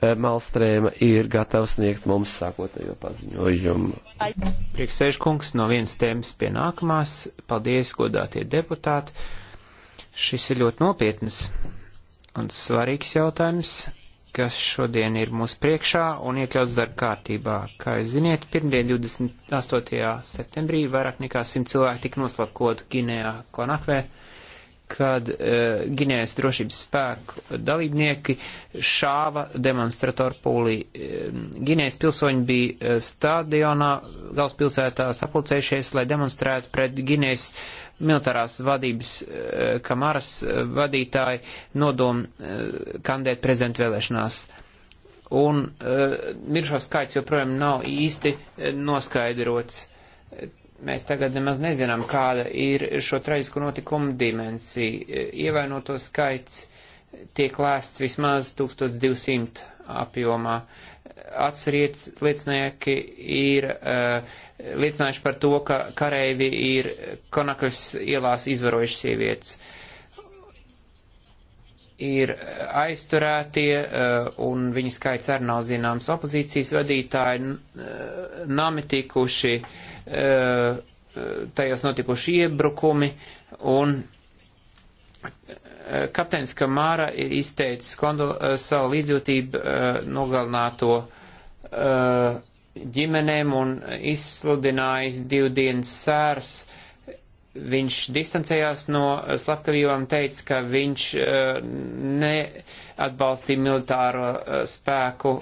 Eh, Malstrēma ir gatava sniegt mums sākotnējo paziņojumu. Priekšsēžkungs no vienas tēmas pie nākamās. Paldies, godātie deputāti. Šis ir ļoti nopietnas un svarīgs jautājums, kas šodien ir mūsu priekšā un iekļauts darba kārtībā. Kā jūs ziniet, pirmdien 28. septembrī vairāk nekā 100 cilvēki tika noslapkot Ginējā Konakvē kad uh, Ginējas drošības spēku dalībnieki šāva demonstratoru pūlī. E, Ginējas pilsoņi bija e, stadionā galvaspilsētā sapulcējušies, lai demonstrētu pret Ginējas militārās vadības uh, kamaras uh, vadītāju nodomu uh, kandēt prezidentu vēlēšanās. Un uh, miršo skaits joprojām nav īsti noskaidrots mēs tagad nemaz nezinām, kāda ir šo traģisko notikumu dimensija. Ievainoto skaits tiek lēsts vismaz 1200 apjomā. Atcerieties, liecinieki ir uh, liecinājuši par to, ka kareivi ir Konakavas ielās izvarojuši sievietes. Uh, ir eh, aizturētie, eh, un viņa skaits arī nav zināms. Opozīcijas vadītāji eh, nami tikuši, tajos notikuši iebrukumi, un kapteinis Kamāra ir izteicis kondol, savu līdzjūtību nogalināto ģimenēm un izsludinājis divdienas sērs viņš distancējās no slepkavībām, teica, ka viņš eh, neatbalstīja militāro eh, spēku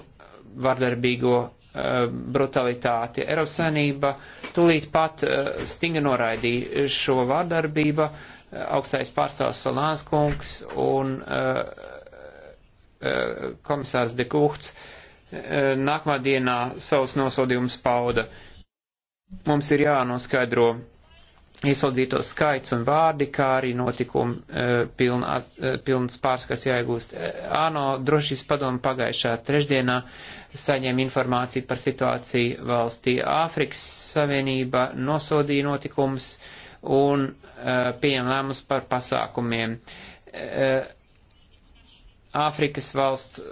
vardarbīgo eh, brutalitāti. Eiropas savienība tūlīt pat stingi noraidīja šo vardarbību, augstais pārstāvs Solāns kungs un komisārs De Kuhts nākamā dienā savus nosodījumus pauda. Mums ir jānoskaidro iesaudzīto skaits un vārdi, kā arī notikumu e, pilna, e, pilns pārskats jāiegūst. E, ANO drošības padomu pagājušā trešdienā saņēma informāciju par situāciju valstī. Āfrikas Savienība nosodīja notikumus un pieņem lēmumus par pasākumiem. Āfrikas valsts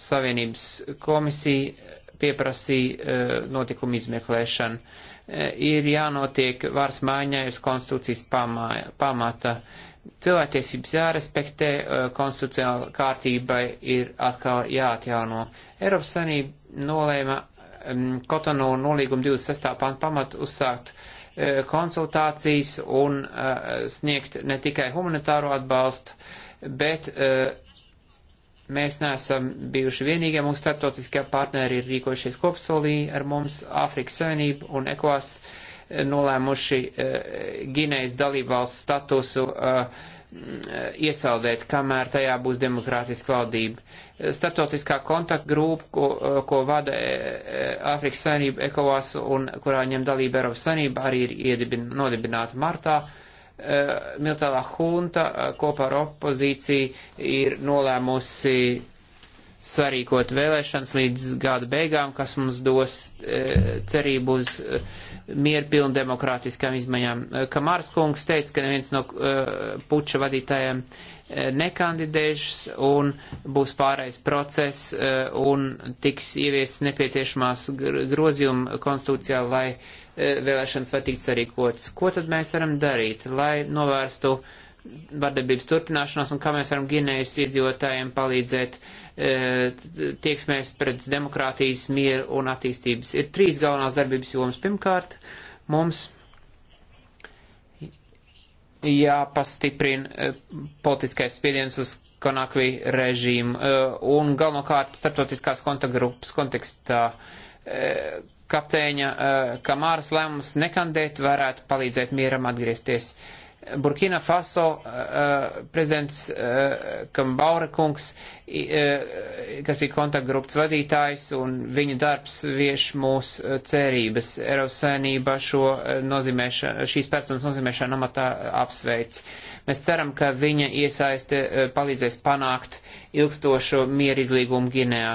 Savienības komisija pieprasīja notikumu izmeklēšanu ir jānotiek varas maiņai uz konstitūcijas pamata. Cilvēktiesības jārespektē, eh, konstitucionāla kārtībai ir atkal jāatjauno. Eiropas Sanība nolēma mm, Kotonu nolīguma 26. pantu pamatu uzsākt eh, konsultācijas un eh, sniegt ne tikai humanitāro atbalstu, bet uh, Mēs neesam bijuši vienīgie, mūsu starptautiskie partneri ir rīkojušies kopsolī ar mums, Āfrikas Savienība un ECOAS eh, nolēmuši eh, Ginejas dalībvalsts statusu eh, iesaldēt, kamēr tajā būs demokrātiska valdība. Startautiskā kontaktgrupa, ko, ko vada Āfrikas Savienība, ECOAS un kurā ņem dalība Eiropas Savienība, arī ir iedibin, nodibināta martā. Eh, militārā hunta eh, kopā ar opozīciju ir nolēmusi sarīkot vēlēšanas līdz gada beigām, kas mums dos eh, cerību uz mierpilnu demokrātiskām izmaiņām. Kamārs kungs teica, ka neviens no puča vadītājiem nekandidējušas un būs pārējais process e, un tiks ieviesas nepieciešamās grozījuma konstitūcijā, lai e, vēlēšanas var tikt sarīkotas. Ko tad mēs varam darīt, lai novērstu vardarbības turpināšanos un kā mēs varam Ginējas iedzīvotājiem palīdzēt e, tieksmēs pret demokrātijas, mieru un attīstības? Ir trīs galvenās darbības jomas. Pirmkārt, mums jāpastiprina e, politiskais spiediens uz Konakvi režīmu e, un galvenokārt starptautiskās kontaktgrupas kontekstā e, kapteiņa Kamāras lēmums nekandēt varētu palīdzēt mieram atgriezties. Uh, Burkina Faso uh, prezidents uh, eh, Kambaura kungs, uh, kas ir kontaktgrupas vadītājs, un viņa darbs vieš mūsu cerības. Eiropas saimnība šo šīs personas nozīmēšanu amatā apsveic. Mēs ceram, ka viņa iesaiste uh, palīdzēs panākt ilgstošo mieru izlīgumu Ginējā.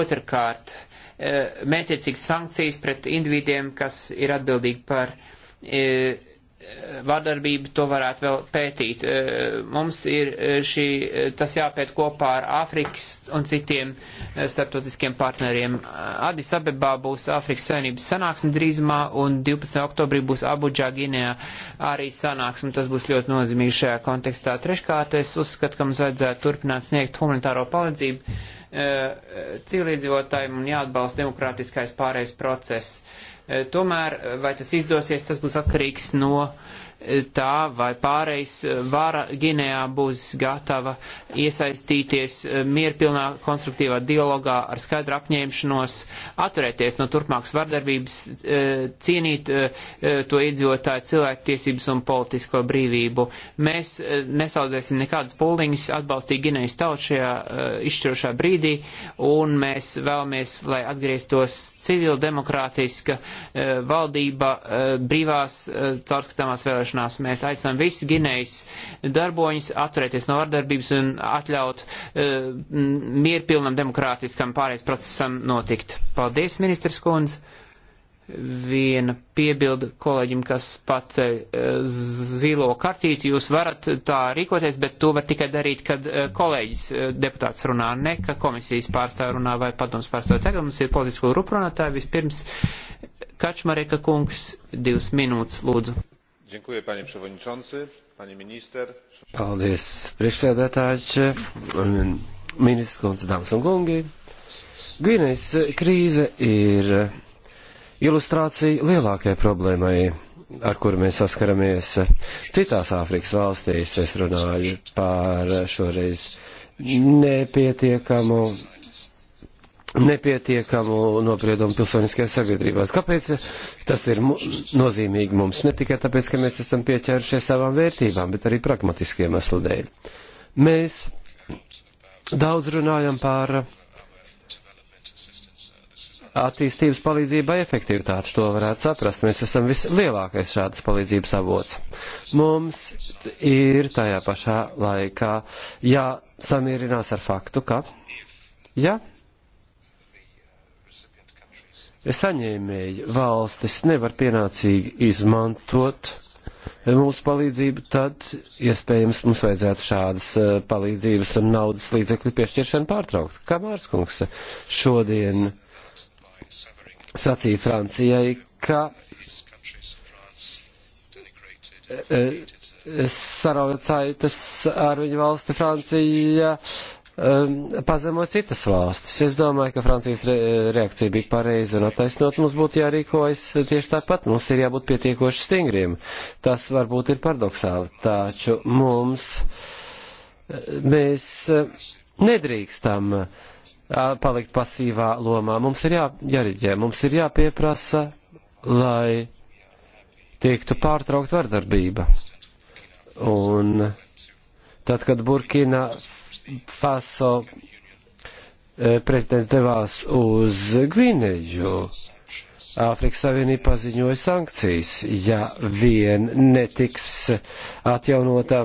Otrkārt, uh, mētiecīgas sankcijas pret individiem, kas ir atbildīgi par. Uh, vardarbību to varētu vēl pētīt. E, mums ir e, šī, e, tas jāpēt kopā ar Āfrikas un citiem starptautiskiem partneriem. Adis Abebā būs Āfrikas savienības sanāksme drīzumā un 12. oktobrī būs Abuģā Ginējā arī sanāksme. Tas būs ļoti nozīmīgi šajā kontekstā. Treškārt, es uzskatu, ka mums vajadzētu turpināt sniegt humanitāro palīdzību civiliedzīvotājiem un jāatbalsta demokrātiskais pārējais process Tomēr, vai tas izdosies, tas būs atkarīgs no uh, tā vai pārējais vara Ginējā būs gatava iesaistīties eh, mierpilnā konstruktīvā dialogā ar skaidru apņēmšanos, atturēties no turpmākas vardarbības, eh, cienīt eh, to iedzīvotāju cilvēktiesības un politisko brīvību. Mēs nesaudzēsim nekādas puldiņas atbalstīt Ginējas tautu šajā izšķirošā brīdī, un mēs vēlamies, lai atgrieztos civil demokrātiska valdība brīvās caurskatāmās vēlēšanās vienošanās. Mēs aicinām visus Ginejas darboņus atturēties no vardarbības un atļaut uh, mierpilnam demokrātiskam pārējais procesam notikt. Paldies, ministrs Kundze! Viena piebilda kolēģim, kas paceļ uh, zilo kartīti, jūs varat tā rīkoties, bet to var tikai darīt, kad uh, kolēģis uh, deputāts runā, ne ka komisijas pārstāv runā vai padoms pārstāv. Tagad mums ir politisko ruprunātāji. Vispirms Kačmareka kungs, divas minūtes lūdzu. Dziękuję, panie przewodniczący, panie minister. Paldies, priekšsēdētāji, ministrs, dāmas un kungi. Gvinejas krīze ir ilustrācija lielākajai problēmai ar kuru mēs saskaramies citās Āfrikas valstīs. Es runāju par šoreiz nepietiekamu nepietiekamu nopriedumu pilsoniskajās sabiedrībās. Kāpēc tas ir mu nozīmīgi mums? Ne tikai tāpēc, ka mēs esam pieķērušies savām vērtībām, bet arī pragmatiskiem eslu dēļ. Mēs daudz runājam par attīstības palīdzībai efektivitāti. To varētu saprast. Mēs esam vislielākais šādas palīdzības avots. Mums ir tajā pašā laikā jāsamierinās ar faktu, ka, ja saņēmēji valstis nevar pienācīgi izmantot mūsu palīdzību, tad iespējams ja mums vajadzētu šādas eh, palīdzības un naudas līdzekļu piešķiršanu pārtraukt. Kā Mārskungs šodien sacīja Francijai, ka eh, eh, saraujot saites ar viņu valsti Francija Um, pazemo citas valstis. Es domāju, ka Francijas re reakcija bija pareiza un attaisnot. Mums būtu jārīkojas tieši tāpat. Mums ir jābūt pietiekoši stingriem. Tas varbūt ir paradoxāli. Taču mums, mēs nedrīkstam uh, palikt pasīvā lomā. Mums ir jā, jāriģē, mums ir jāpieprasa, lai tiektu pārtraukt vardarbība. Un Tad, kad Burkina Faso e, prezidents devās uz Gvineju, Āfrikas Savienība paziņoja sankcijas, ja vien netiks atjaunota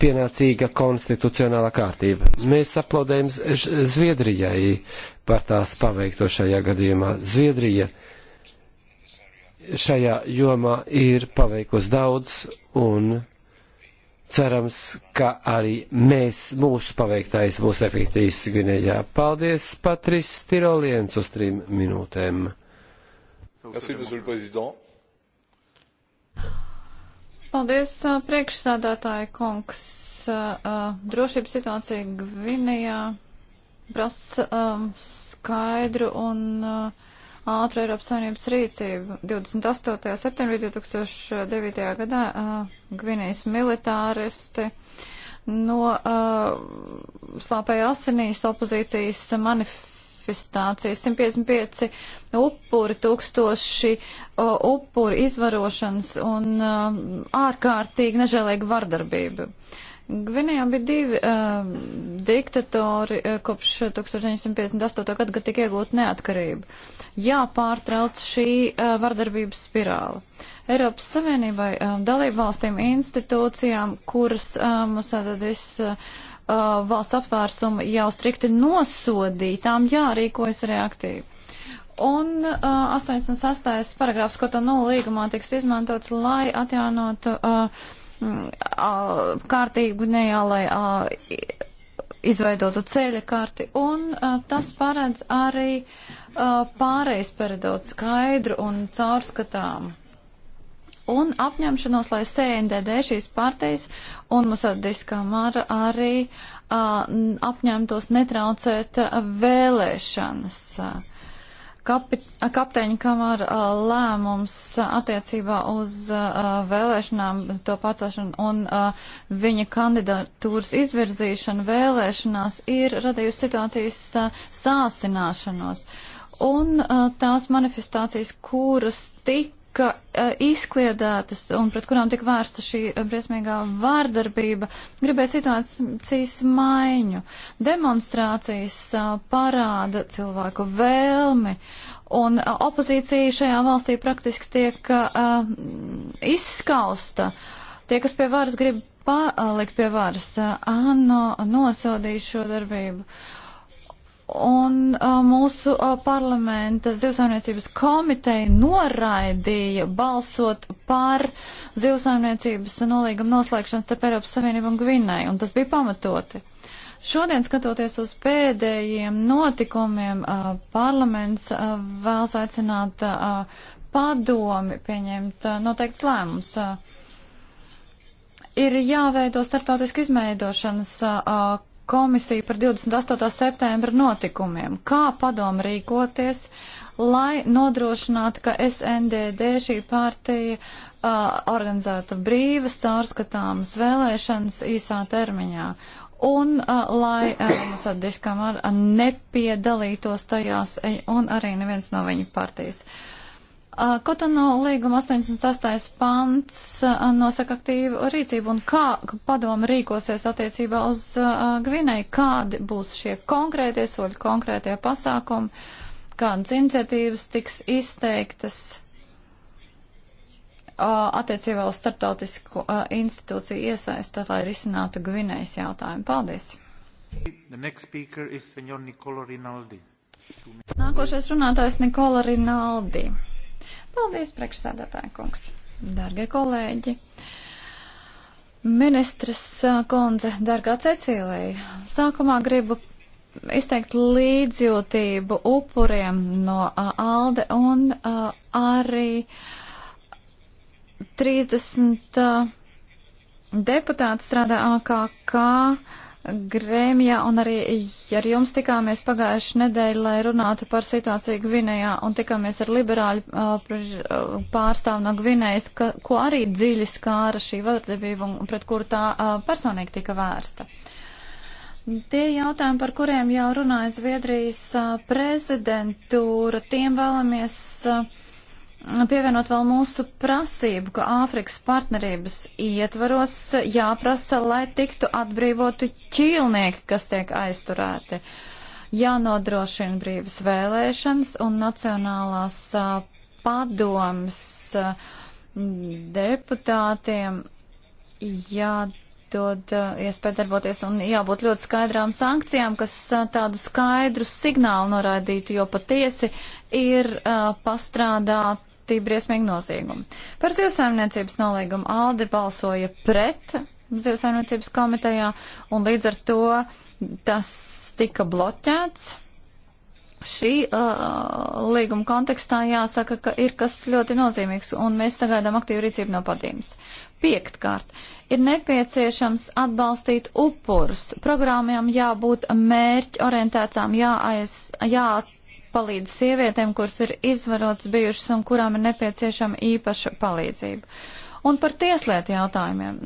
pienācīga konstitucionālā kārtība. Mēs aplaudējam Zviedrijai par tās paveikto šajā gadījumā. Zviedrija šajā jomā ir paveikusi daudz un Cerams, ka arī mēs, mūsu paveiktais būs efektīvs Gvinējā. Paldies, Patris Tiroliens, uz trim minūtēm. Paldies, priekšsādātāja kungs. Drošības situācija Gvinējā prasa skaidru un uh, ātru Eiropas Savienības rīcību. 28. septembrī 2009. gadā uh, Gvinējas militāristi no uh, slāpēja asinīs opozīcijas manifestācijas 155 upuri, tūkstoši uh, upuri izvarošanas un uh, ārkārtīgi nežēlīga vardarbība. Uh, Gvinējā bija divi uh, diktatori uh, kopš 1958. Uh, gada, kad tika iegūta neatkarība. Jāpārtrauc šī uh, vardarbības spirāla. Eiropas Savienībai, um, uh, dalību valstīm, institūcijām, kuras um, uh, mums atadis uh, valsts apvērsuma jau strikti nosodītām, jārīkojas reaktīvi. Un uh, 86. paragrāfs, ko to nolīgumā tiks izmantots, lai atjaunotu. Uh, kārtību Gvinējā, lai izveidotu ceļa karti, un tas paredz arī pārējais periodot skaidru un caurskatām. Un apņemšanos, lai CNDD šīs partijas un Musadis Kamara arī apņemtos netraucēt vēlēšanas. Uh, kapi, kapteiņa kamara lēmums attiecībā uz vēlēšanām, to pacelšanu un viņa kandidatūras izvirzīšanu vēlēšanās ir radījusi situācijas sāsināšanos. Un tās manifestācijas, kuras tik tika uh, e, izkliedētas un pret kurām tika vērsta šī briesmīgā vārdarbība, gribēja situācijas maiņu. Demonstrācijas uh, parāda cilvēku vēlmi, un uh, opozīcija šajā valstī praktiski tiek uh, izskausta. Tie, kas pie varas grib palikt pie varas, uh, ANO nosodīja šo darbību. Uh, Un uh, mūsu uh, parlamenta zivsaimniecības komiteja noraidīja balsot par zivsaimniecības nolīgumu noslēgšanu starp Eiropas Savienību un Gvinai, un tas bija pamatoti. Šodien, skatoties uz pēdējiem notikumiem, uh, parlaments uh, vēlas aicināt uh, padomi pieņemt uh, noteikts lēmums. Uh, ir jāveido starptautiski izmeidošanas uh, komisiju par 28. septembra notikumiem. Kā padomu rīkoties, lai nodrošinātu, ka SNDD šī partija uh, organizētu brīvas, caurskatāmas vēlēšanas īsā termiņā? Un uh, lai uh, mums atdiskam ar uh, nepiedalītos tajās e, un arī neviens no viņa partijas. Uh, Uh, Kotono līguma 88. pants uh, nosaka aktīvu rīcību un kā padoma rīkosies attiecībā uz uh, Gvinēju, kādi būs šie konkrētie soļi, konkrētie pasākumi, kādas iniciatīvas tiks izteiktas attiecībā uz starptautisku institūciju iesaistu, lai risinātu Gvinējas jautājumu. Paldies! Nākošais runātājs Nikola Rinaldi. Paldies, priekšsēdētāji kungs. Dargie kolēģi. Ministres kundze, dargā Cecīlija, sākumā gribu izteikt līdzjūtību upuriem no uh, Alde un uh, arī 30 uh, deputāti strādā AKK. Uh, Grēmijā un arī ar jums tikāmies pagājuši nedēļu, lai runātu par situāciju Gvinējā un tikāmies ar liberāļu pārstāvu no Gvinējas, ka, ko arī dziļi skāra šī vardarbība un pret kuru tā personīgi tika vērsta. Tie jautājumi, par kuriem jau runāja Zviedrijas prezidentūra, tiem vēlamies. Uh, pievienot vēl mūsu prasību, ka Āfrikas partnerības ietvaros jāprasa, lai tiktu atbrīvotu ķīlnieki, kas tiek aizturēti. Jānodrošina brīvas vēlēšanas un nacionālās padomas deputātiem jādod iespēja darboties un jābūt ļoti skaidrām sankcijām, kas tādu skaidru signālu noraidītu, jo patiesi ir uh, pastrādāt pretī briesmīgu noziegumu. Par zivsaimniecības nolīgumu Aldi balsoja pret zivsaimniecības komitejā, un līdz ar to tas tika bloķēts. Šī uh, līguma kontekstā jāsaka, ka ir kas ļoti nozīmīgs, un mēs sagaidām aktīvu rīcību no padījums. Piektkārt, ir nepieciešams atbalstīt upurus. Programmām jābūt mērķorientētām, jāaiz, jāat palīdz sievietēm, kuras ir izvarotas bijušas un kurām ir nepieciešama īpaša palīdzība. Un par tieslietu jautājumiem.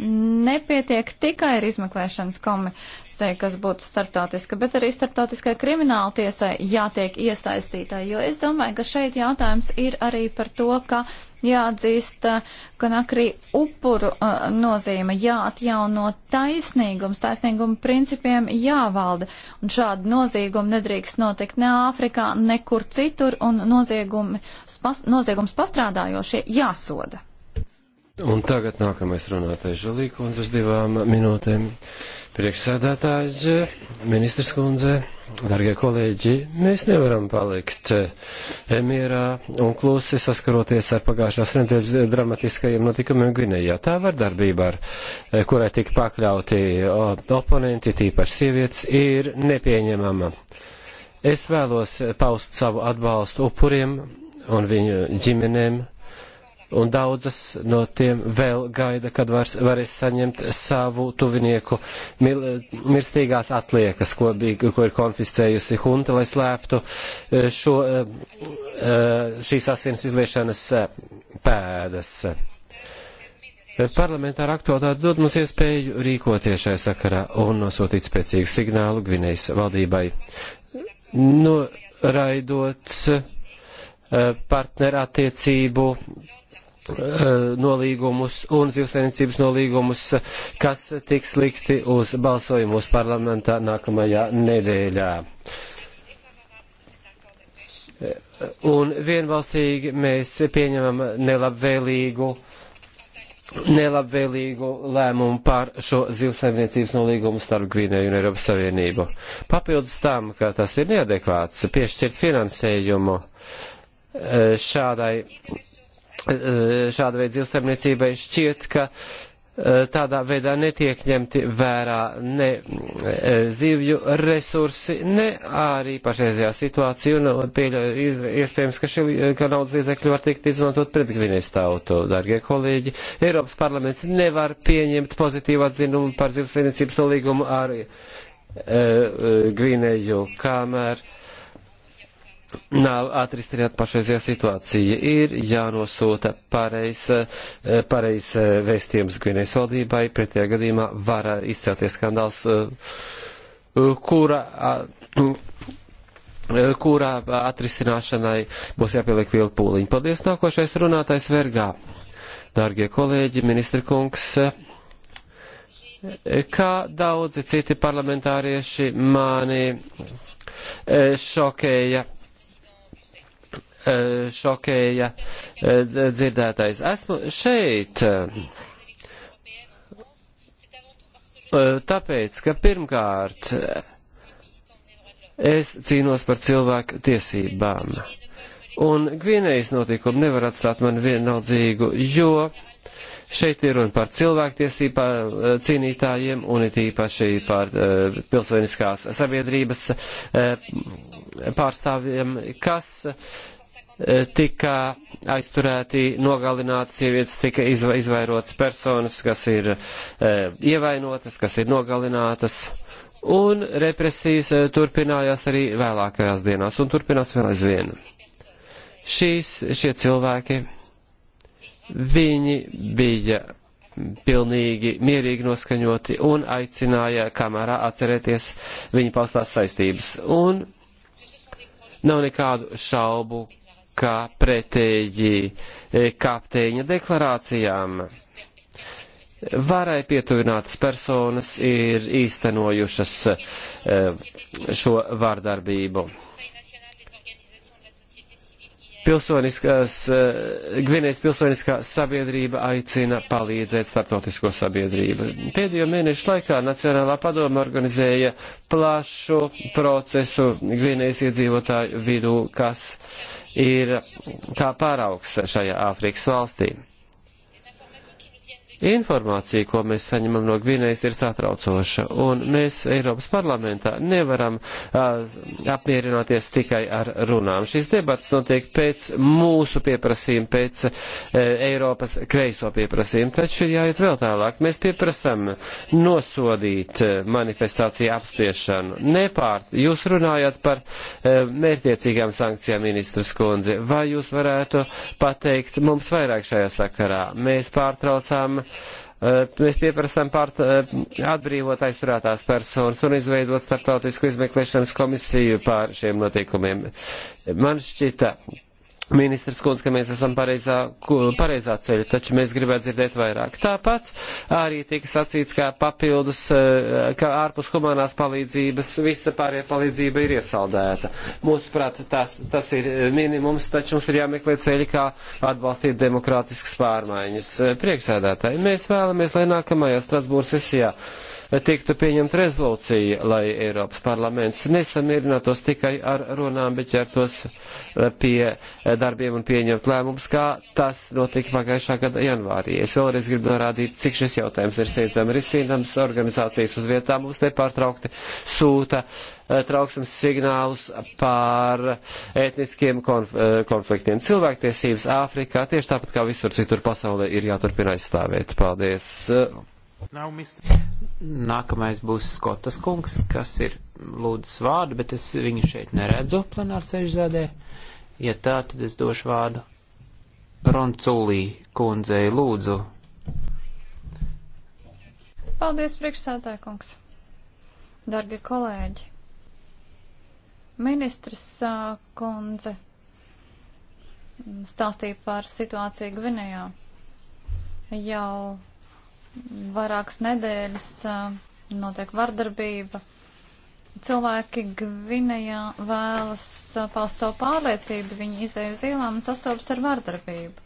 Nepietiek tikai ar izmeklēšanas komisiju, kas būtu starptautiska, bet arī starptautiskai krimināla tiesai jātiek iesaistītai. Jo es domāju, ka šeit jautājums ir arī par to, ka jāatzīst, ka nakrī upuru uh, nozīme jāatjauno taisnīgums, taisnīguma principiem jāvalda. Un šādi noziegumi nedrīkst notikt ne Āfrikā, nekur citur, un noziegums, pas, noziegums pastrādājošie jāsoda. Un tagad nākamais runātais Žalīka un uz divām minūtēm. Priekšsēdētājs, ministrs kundze, dargie kolēģi, mēs nevaram palikt eh, mierā un klusi saskaroties ar pagājušās nedēļas dramatiskajiem notikumiem Gvinējā. Tā vardarbība, ar eh, kurai tika pakļauti eh, oponenti, tīpaši sievietes, ir nepieņemama. Es vēlos paust savu atbalstu upuriem un viņu ģimenēm un daudzas no tiem vēl gaida, kad vairs, varēs saņemt savu tuvinieku mil, mirstīgās atliekas, ko, bija, ko ir konfiscējusi hunta, lai slēptu eh, šo, eh, eh, šīs asins izliešanas pēdas. Parlamentāra aktualitāte dod mums iespēju rīkoties šai sakarā un nosūtīt spēcīgu signālu Gvinējas valdībai, noraidot partnerattiecību Eh, nolīgumus un zivsainicības nolīgumus, kas tiks likti uz balsojumu uz parlamentā nākamajā nedēļā. Eh, un vienbalsīgi mēs pieņemam nelabvēlīgu, nelabvēlīgu lēmumu par šo zivsaimniecības nolīgumu starp Gvinēju un Eiropas Savienību. Papildus tam, ka tas ir neadekvāts, piešķirt finansējumu eh, šādai Eh, šāda veida zivsaimniecībai šķiet, ka eh, tādā veidā netiek ņemti vērā ne eh, zivju resursi, ne arī pašreizajā situācija, un pieļauj, iespējams, ka, šī, ka naudas līdzekļi var tikt izmantot pret Gvinējas tautu. Dārgie kolēģi, Eiropas parlaments nevar pieņemt pozitīvu atzinumu par zivsaimniecības nolīgumu ar e, Gvinēju, kamēr. E, nav atrisināt pašreizajā situācija. Ir jānosūta pareiz, eh, pareiz eh, vēstījums Gvinējas valdībai, pretējā gadījumā var eh, izcelties skandāls, kura, kurā atrisināšanai būs jāpieliek liela pūliņa. Paldies, nākošais runātais vergā. Dārgie kolēģi, ministra kungs. Kā daudzi citi parlamentārieši mani šokēja Eh, šokēja eh, dzirdētais. Esmu šeit. Eh, tāpēc, ka pirmkārt es cīnos par cilvēku tiesībām. Un Gvinējas notikumi nevar atstāt mani vienaldzīgu, jo šeit ir runa par cilvēktiesībā cīnītājiem un it īpaši par uh, pilsoniskās sabiedrības uh, pārstāvjiem, kas uh, E, tika aizturēti, nogalināti, sievietes tika izva izvairotas personas, kas ir e, ievainotas, kas ir nogalinātas, un represijas e, turpinājās arī vēlākajās dienās, un turpinās vēl aizvien. Šīs, šie cilvēki, viņi bija pilnīgi mierīgi noskaņoti un aicināja kamerā atcerēties viņa paustās saistības. Un nav nekādu šaubu, ka pretēji e, kapteiņa deklarācijām varai pietuvinātas personas ir īstenojušas e, šo vārdarbību. Pilsoniskās, eh, Gvinējas pilsoniskā sabiedrība aicina palīdzēt starptautisko sabiedrību. Pēdējo mēnešu laikā Nacionālā padoma organizēja plašu procesu Gvinējas iedzīvotāju vidū, kas ir kā paraugs šajā Āfrikas valstīm. Informācija, ko mēs saņemam no Gvinējas, ir satraucoša, un mēs Eiropas parlamentā nevaram uh, apmierināties tikai ar runām. Šis debats notiek pēc mūsu pieprasījuma, pēc uh, Eiropas kreiso pieprasījuma, taču ir jāiet vēl tālāk. Mēs pieprasam nosodīt manifestāciju apspiešanu. Nepār, jūs runājat par uh, mērķiecīgām sankcijām, ministrs Kundze, vai jūs varētu pateikt mums vairāk šajā sakarā? Mēs pārtraucām Eh, mēs pieprasām pārt, eh, atbrīvot aizturētās personas un izveidot starptautisku izmeklēšanas komisiju pār šiem notikumiem. Man šķita, ministrs Kunds, ka mēs esam pareizā, pareizā ceļa, taču mēs gribētu dzirdēt vairāk. Tāpat arī tika sacīts, ka papildus, eh, ka ārpus humanās palīdzības visa pārējā palīdzība ir iesaldēta. Mūsuprāt, tas, tas ir eh, minimums, taču mums ir jāmeklē ceļi, kā atbalstīt demokrātiskas pārmaiņas. Priekšsēdētāji, mēs vēlamies, lai nākamajā Strasbūras sesijā. Ja tiktu pieņemta rezolūcija, lai Eiropas parlaments nesamierinātos tikai ar runām, bet ķertos eh, pie eh, darbiem un pieņemt lēmumus, kā tas notika pagājušā gada janvārī. Es vēlreiz gribu norādīt, cik šis jautājums ir steidzami risinams. Organizācijas uz vietām mums nepārtraukti sūta eh, trauksmes signālus par etniskiem konf konfliktiem. Cilvēktiesības Āfrikā tieši tāpat kā visur citur pasaulē ir jāturpina aizstāvēt. Paldies! Nav mister. Nākamais būs Skotas kungs, kas ir lūdzis vārdu, bet es viņu šeit neredzu plenāru sēžzādē. Ja tā, tad es došu vārdu Ronculī kundzei lūdzu. Paldies, priekšsētāj kungs. Dargie kolēģi. Ministrs kundze stāstīja par situāciju Gvinējā. Jau vairākas nedēļas notiek vardarbība. Cilvēki Gvinējā vēlas paust savu pārliecību, viņi izēj uz ielām un sastopas ar vardarbību.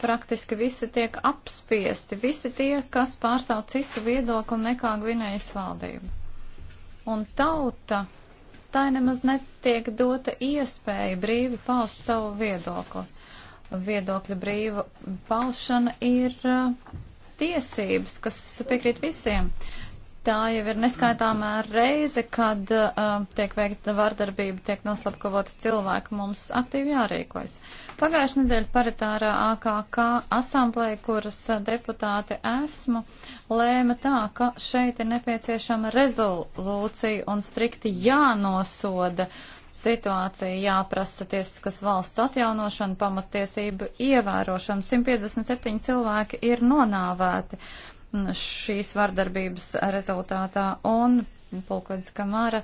Praktiski visi tiek apspiesti, visi tie, kas pārstāv citu viedokli nekā Gvinējas valdība. Un tauta tai nemaz netiek dota iespēja brīvi paust savu viedokli. Viedokļa brīva paušana ir uh, tiesības, kas piekrīt visiem. Tā jau ir neskaitāmā reize, kad uh, tiek veikta vardarbība, tiek noslapkavota cilvēka, mums aktīvi jārīkojas. Pagājušajā nedēļā paritārā AKK asamblēja, kuras deputāte esmu, lēma tā, ka šeit ir nepieciešama rezolūcija un strikti jānosoda uh, situācija, jāprasa tiesiskas valsts atjaunošana, pamattiesību ievērošana. 157 cilvēki ir nonāvēti mm, šīs vardarbības rezultātā, un Pulkvedis Kamara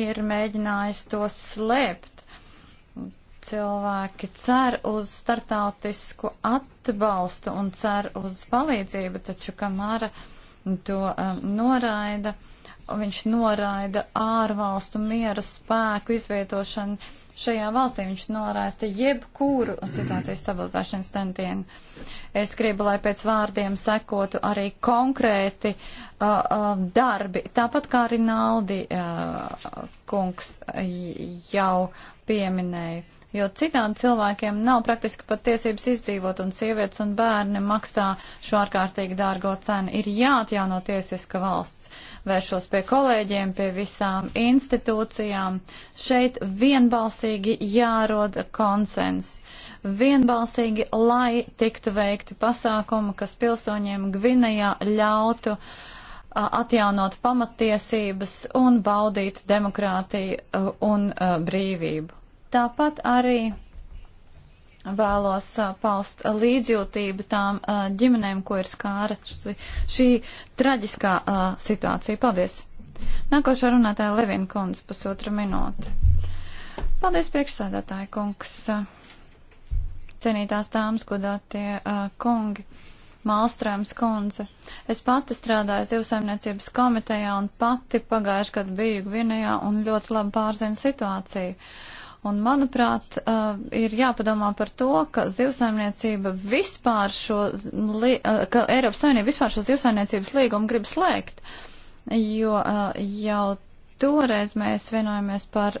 ir mēģinājis to slēpt. Cilvēki cer uz startautisku atbalstu un cer uz palīdzību, taču Kamara to um, noraida. Uh, viņš noraida ārvalstu miera spēku izvietošanu šajā valstī. Viņš noraista jebkuru situācijas stabilizēšanas centienu. Es gribu, lai pēc vārdiem sekotu arī konkrēti uh, uh, darbi. Tāpat kā Rinaldi uh, kungs jau pieminēja jo citādi cilvēkiem nav praktiski pat tiesības izdzīvot, un sievietes un bērni maksā šo ārkārtīgi dārgo cenu. Ir jāatjauno tiesiska valsts. Vēršos pie kolēģiem, pie visām institūcijām. Šeit vienbalsīgi jārod konsens. Vienbalsīgi, lai tiktu veikti pasākumi, kas pilsoņiem Gvinējā ļautu atjaunot pamatiesības un baudīt demokrātiju un brīvību. Tāpat arī vēlos paust līdzjūtību tām ģimenēm, ko ir skārusi šī traģiskā situācija. Paldies! Nākošā runātāja Levina Kundze, pusotra minūte. Paldies, priekšsādātāja kungs, cienītās dāmas, godātie kungi. Malstrāms kundze. Es pati strādāju zivsaimniecības komitejā un pati pagājuši gadu biju Gvinējā un ļoti labi pārzinu situāciju. Uh, Un, manuprāt, ir jāpadomā par to, ka zivsaimniecība vispār šo, ka Eiropas Savienība vispār šo zivsaimniecības līgumu grib slēgt, jo jau toreiz mēs vienojamies par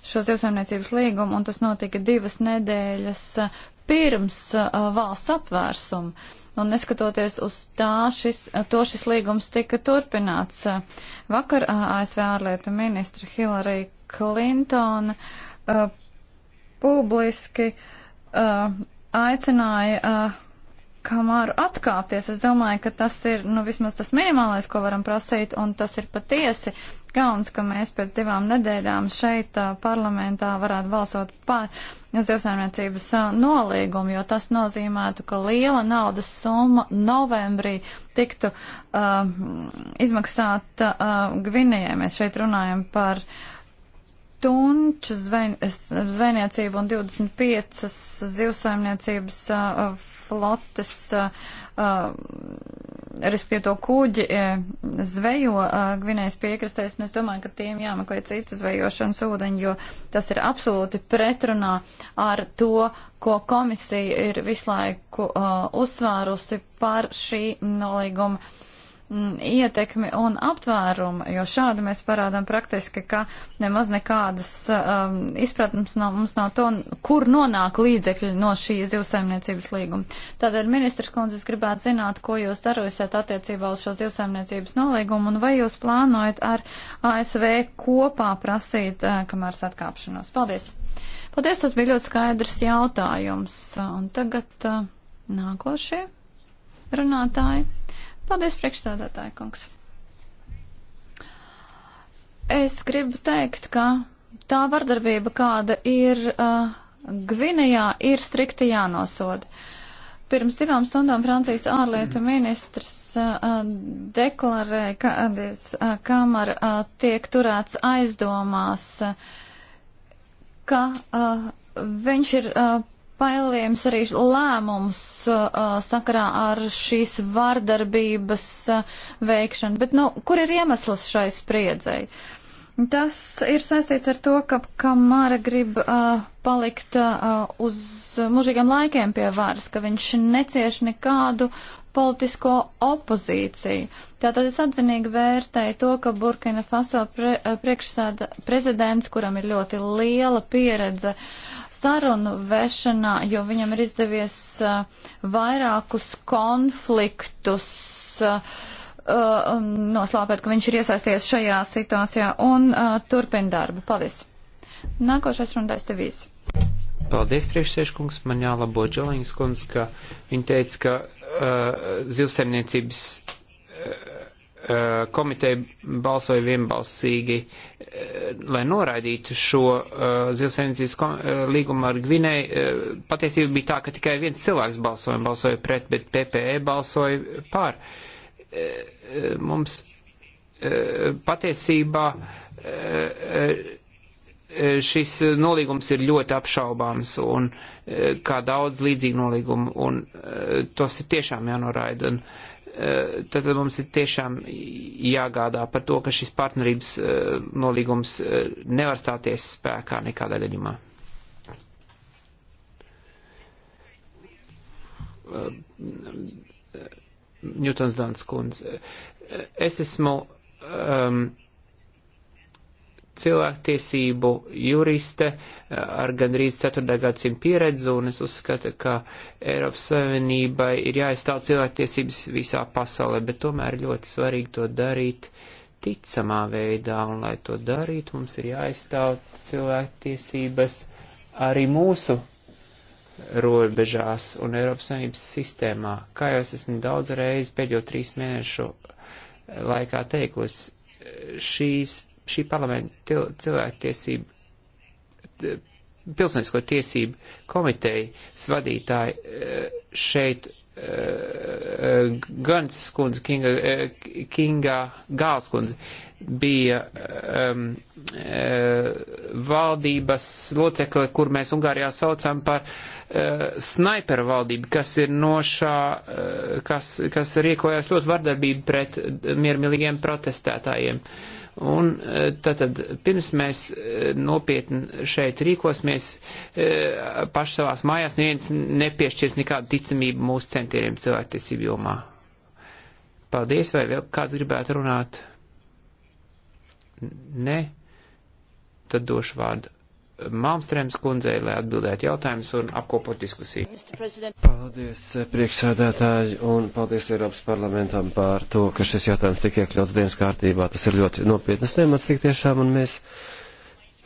šo zivsaimniecības līgumu, un tas notika divas nedēļas pirms valsts apvērsuma. Un neskatoties uz tā, šis, to šis līgums tika turpināts. Vakar ASV ārlietu ministra Hillary Clinton uh, uh, publiski uh, aicināja uh, Kamāru atkāpties. Es domāju, ka tas ir nu, vismaz tas minimālais, ko varam prasīt, un tas ir patiesi kauns, ka mēs pēc divām nedēļām šeit uh, parlamentā varētu balsot par zivsaimniecības uh, nolīgumu, jo tas nozīmētu, ka liela naudas summa novembrī tiktu uh, izmaksāta uh, Gvinijai. Mēs šeit runājam par. Uh, tunču zven, zvejniecību un 25 zivsaimniecības uh, flotes, uh, respektīvi to kuģi uh, zvejo Gvinējas piekrastēs, un es domāju, ka tiem jāmeklē cita zvejošanas ūdeņi, jo tas ir absolūti pretrunā ar to, ko komisija ir visu laiku uzsvērusi par šī nolīguma Mm, ietekmi un aptvērumu, jo šādi mēs parādām praktiski, ka nemaz nekādas um, izpratnes no, mums nav to, kur nonāk līdzekļi no šīs divsaimniecības līguma. Tādēļ, ministrs kundze, es gribētu zināt, ko jūs darosiet attiecībā uz šo divsaimniecības nolīgumu un vai jūs plānojat ar ASV kopā prasīt uh, kamērs atkāpšanos. Paldies! Paldies, tas bija ļoti skaidrs jautājums. Un tagad uh, nākošie runātāji. Paldies, priekšstādātāja kungs. Es gribu teikt, ka tā vardarbība, kāda ir uh, Gvinējā, ir strikti jānosoda. Pirms divām stundām Francijas ārlietu ministrs uh, deklarēja, ka uh, kamera uh, tiek turēts aizdomās, uh, ka uh, viņš ir uh, pieļams arī lēmums uh, sakarā ar šīs vardarbības uh, veikšanu. Bet, nu, kur ir iemesls šai spriedzei? Tas ir saistīts ar to, ka Kamara grib uh, palikt uh, uz mužīgiem laikiem pie varas, ka viņš necieš nekādu politisko opozīciju. Tātad es atzinīgi vērtēju to, ka Burkina Faso pre, uh, priekšsēda prezidents, kuram ir ļoti liela pieredze uh, sarunu vešanā, jo viņam ir izdevies uh, vairākus konfliktus uh, uh, noslāpēt, ka viņš ir iesaisties šajā situācijā un turpina darbu. Paldies! Nākošais rundais tev visu. Paldies, priekšsēškungs, man jālabo Džoliņas kundz, ka viņa teica, ka uh, zivsaimniecības uh, Eh, komiteja balsoja vienbalsīgi, eh, lai noraidītu šo eh, zilsainicijas līgumu ar Gvinēju. Patiesība bija tā, ka tikai viens cilvēks balsoja, balsoja pret, bet PPE balsoja pār. Mums patiesībā šis nolīgums ir ļoti apšaubāms un kā daudz līdzīgu nolīgumu, un tos ir tiešām jānoraida. Un, Eh, tad mums ir tiešām jāgādā par to, ka šis partnerības eh, nolīgums eh, nevar stāties spēkā nekādā gadījumā. Ņūtons Dans kundze. Es esmu um, cilvēktiesību juriste ar gandrīz 4. gadsimta pieredzi, un es uzskatu, ka Eiropas Savienībai ir jāizstāv cilvēktiesības visā pasaulē, bet tomēr ļoti svarīgi to darīt ticamā veidā, un lai to darītu, mums ir jāizstāv cilvēktiesības arī mūsu robežās un Eiropas Savienības sistēmā. Kā jau es esmu daudz reizi pēdējo trīs mēnešu laikā teikusi, šīs šī parlamenta cilvēktiesība, pilsonisko tiesību komitejas vadītāji eh, šeit eh, Gans skundze, Kinga, eh, Kinga Gāls skundze bija um, valdības locekle, kur mēs Ungārijā saucam par uh, snaiperu valdību, kas ir nošā, uh, kas, kas rīkojās ļoti vardarbību pret miermilīgiem protestētājiem. Uh, Un e, tātad pirms mēs e, nopietni šeit rīkosimies e, paši savās mājās, neviens nepiešķirs nekādu ticamību mūsu centieniem cilvēktiesību jomā. Paldies, vai vēl kāds gribētu runāt? Nē, tad došu vārdu Malmstrēms kundzei, lai atbildētu jautājumus un apkopot diskusiju. Paldies eh, priekšsēdētāji un paldies Eiropas parlamentam par to, ka šis jautājums tika iekļauts dienas kārtībā. Tas ir ļoti nopietnas temats tik tiešām un mēs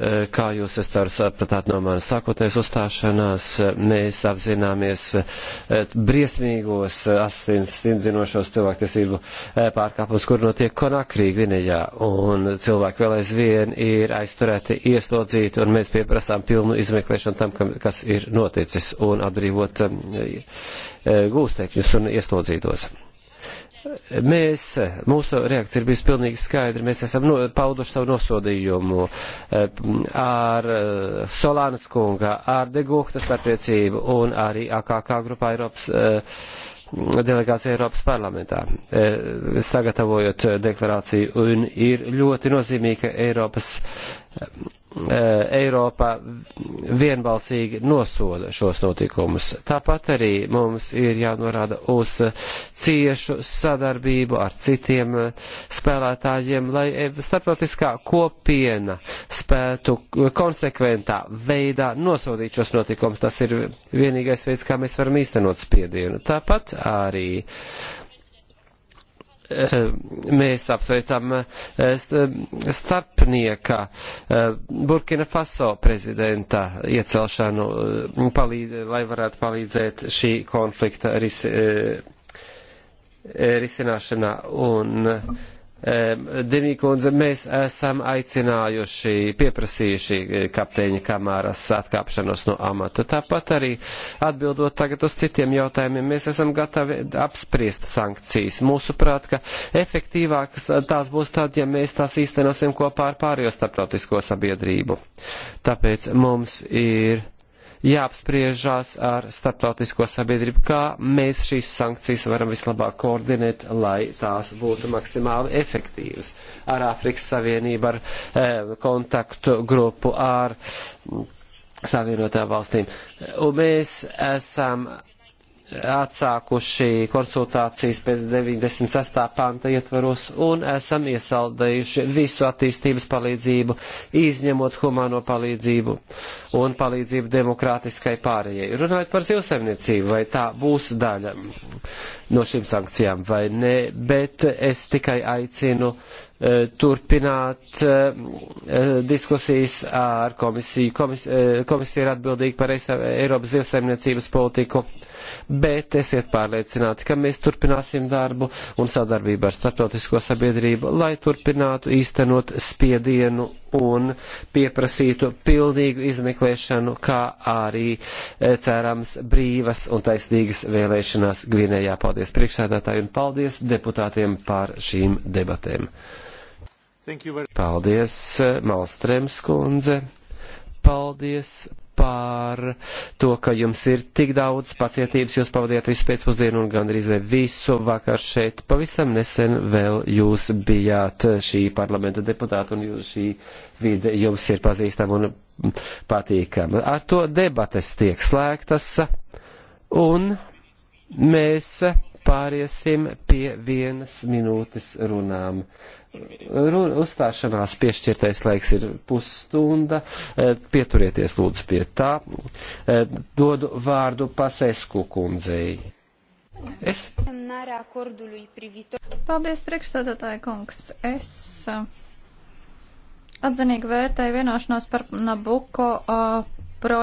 Eh, kā jūs, es ceru, sapratāt no manas sākotnēs uzstāšanās, eh, mēs apzināmies eh, briesmīgos asins stindzinošos cilvēktiesību pārkāpumus, kur notiek Konakrī, Gvinējā, un cilvēki vēl aizvien ir aizturēti, ieslodzīti, un mēs pieprasām pilnu izmeklēšanu tam, kas ir noticis, un atbrīvot gūstekņus un ieslodzītos. Mēs, mūsu reakcija ir bijusi pilnīgi skaidra, mēs esam no, pauduši savu nosodījumu eh, ar eh, Solānas kunga, ar Degūhtas attiecību un arī AKK grupā Eiropas eh, delegācija Eiropas parlamentā, sagatavojot deklarāciju, un ir ļoti nozīmīgi, ka Eiropas Eh, Eiropā vienbalsīgi nosoda šos notikumus. Tāpat arī mums ir jānorāda uz ciešu sadarbību ar citiem eh, spēlētājiem, lai eh, starptautiskā kopiena spētu konsekventā veidā nosodīt šos notikumus. Tas ir vienīgais veids, kā mēs varam īstenot spiedienu. Tāpat arī Eh, mēs apsveicam eh, starpnieka eh, Burkina Faso prezidenta iecelšanu, palīd, lai varētu palīdzēt šī konflikta ris, risināšanā. Un, Demīkundze, mēs esam aicinājuši, pieprasījuši e, kapteiņa Kamāras atkāpšanos no amata. Tāpat arī atbildot tagad uz citiem jautājumiem, mēs esam gatavi apspriest sankcijas. Mūsuprāt, ka efektīvākas tās būs tad, ja mēs tās īstenosim kopā ar pārējo starptautisko sabiedrību. Tāpēc mums ir jāapspriežās ar starptautisko sabiedrību, kā mēs šīs sankcijas varam vislabāk koordinēt, lai tās būtu maksimāli efektīvas. Ar Āfrikas Savienību, ar eh, kontaktu grupu, ar. Mm, Savienotām valstīm. Un mēs esam atsākuši konsultācijas pēc 96. panta ietvaros un esam iesaldējuši visu attīstības palīdzību, izņemot humano palīdzību un palīdzību demokrātiskai pārējai. Runājot par zivsaimniecību, vai tā būs daļa no šīm sankcijām vai nē, bet es tikai aicinu uh, Eh, turpināt eh, eh, diskusijas ar komisiju. Komis, komisija ir atbildīga par Eiropas zivsaimniecības politiku, bet esiet pārliecināti, ka mēs turpināsim darbu un sadarbību ar starptautisko sabiedrību, lai turpinātu īstenot spiedienu un pieprasītu pilnīgu izmeklēšanu, kā arī e, cerams brīvas un taisnīgas vēlēšanās Gvinējā. Paldies priekšsēdētāji un paldies deputātiem par šīm debatēm. Paldies, e, Malstrēms kundze. Paldies par to, ka jums ir tik daudz pacietības, jūs pavadījāt visu pēcpusdienu un gandrīz vai visu vakar šeit. Pavisam nesen vēl jūs bijāt šī parlamenta deputāta un jūs šī vide jums ir pazīstama un patīkama. Ar to debates tiek slēgtas un mēs pāriesim pie vienas minūtes runām. Run, uzstāšanās piešķirtais laiks ir pusstunda. E, pieturieties lūdzu pie tā. E, dodu vārdu Pasesku kundzei. Es. Paldies, priekšstādātāja kungs. Es e, atzinīgi vērtēju vienošanos par Nabuko uh,